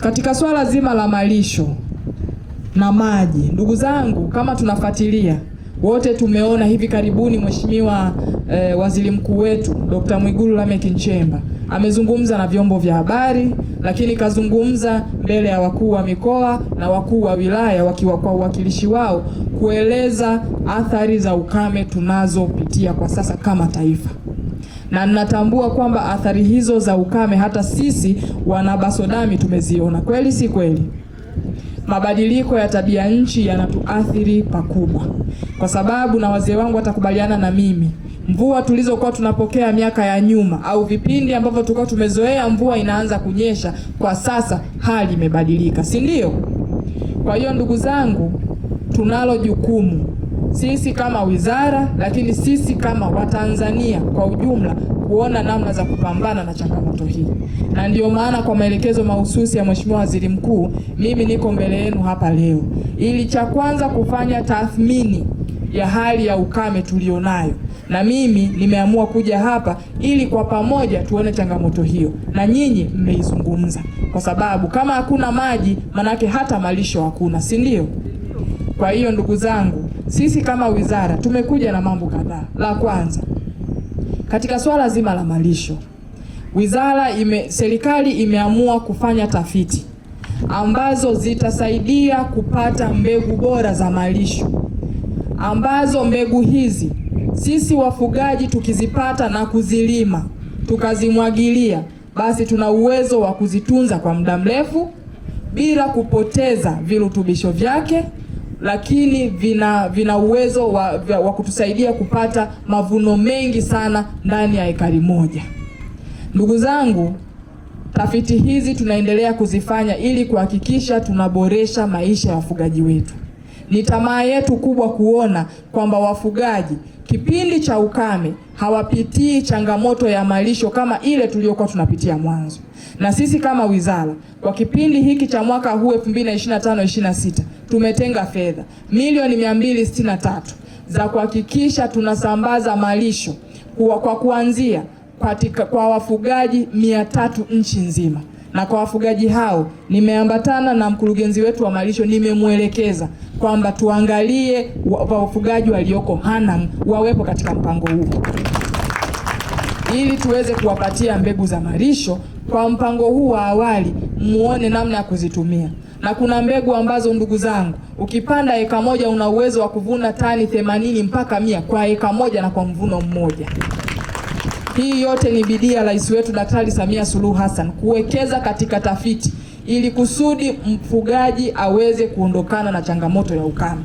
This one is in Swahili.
katika swala zima la malisho na maji, ndugu zangu, kama tunafuatilia wote tumeona hivi karibuni mheshimiwa eh, waziri mkuu wetu Dr. Mwigulu Lameck Nchemba amezungumza na vyombo vya habari, lakini kazungumza mbele ya wakuu wa mikoa na wakuu wa wilaya wakiwa kwa uwakilishi wao kueleza athari za ukame tunazopitia kwa sasa kama taifa na ninatambua kwamba athari hizo za ukame hata sisi wanabasodami tumeziona. Kweli si kweli? Mabadiliko ya tabia nchi yanatuathiri pakubwa, kwa sababu na wazee wangu watakubaliana na mimi, mvua tulizokuwa tunapokea miaka ya nyuma au vipindi ambavyo tulikuwa tumezoea mvua inaanza kunyesha, kwa sasa hali imebadilika, si ndio? Kwa hiyo ndugu zangu, tunalo jukumu sisi kama wizara, lakini sisi kama Watanzania kwa ujumla kuona namna za kupambana na changamoto hii, na ndio maana kwa maelekezo mahususi ya Mheshimiwa Waziri Mkuu, mimi niko mbele yenu hapa leo ili cha kwanza kufanya tathmini ya hali ya ukame tulionayo, na mimi nimeamua kuja hapa ili kwa pamoja tuone changamoto hiyo, na nyinyi mmeizungumza, kwa sababu kama hakuna maji, manake hata malisho hakuna, si ndio? Kwa hiyo ndugu zangu sisi kama wizara tumekuja na mambo kadhaa. La kwanza, katika swala zima la malisho, wizara ime, serikali imeamua kufanya tafiti ambazo zitasaidia kupata mbegu bora za malisho ambazo mbegu hizi sisi wafugaji tukizipata na kuzilima tukazimwagilia, basi tuna uwezo wa kuzitunza kwa muda mrefu bila kupoteza virutubisho vyake lakini vina vina uwezo wa, wa kutusaidia kupata mavuno mengi sana ndani ya ekari moja. Ndugu zangu, tafiti hizi tunaendelea kuzifanya ili kuhakikisha tunaboresha maisha ya wafugaji wetu. Ni tamaa yetu kubwa kuona kwamba wafugaji kipindi cha ukame hawapitii changamoto ya malisho kama ile tuliyokuwa tunapitia mwanzo, na sisi kama wizara kwa kipindi hiki cha mwaka huu 2025 26 tumetenga fedha milioni 263 za kuhakikisha tunasambaza malisho kwa, kuanzia kwa wafugaji 300 nchi nzima na kwa wafugaji hao nimeambatana na mkurugenzi wetu wa malisho, nimemwelekeza kwamba tuangalie wafugaji walioko Hanang' wawepo katika mpango huu ili tuweze kuwapatia mbegu za malisho kwa mpango huu wa awali, muone namna ya kuzitumia. Na kuna mbegu ambazo, ndugu zangu, ukipanda eka moja una uwezo wa kuvuna tani themanini mpaka mia kwa eka moja na kwa mvuno mmoja. Hii yote ni bidii ya rais wetu Daktari Samia Suluhu Hassan kuwekeza katika tafiti ili kusudi mfugaji aweze kuondokana na changamoto ya ukame.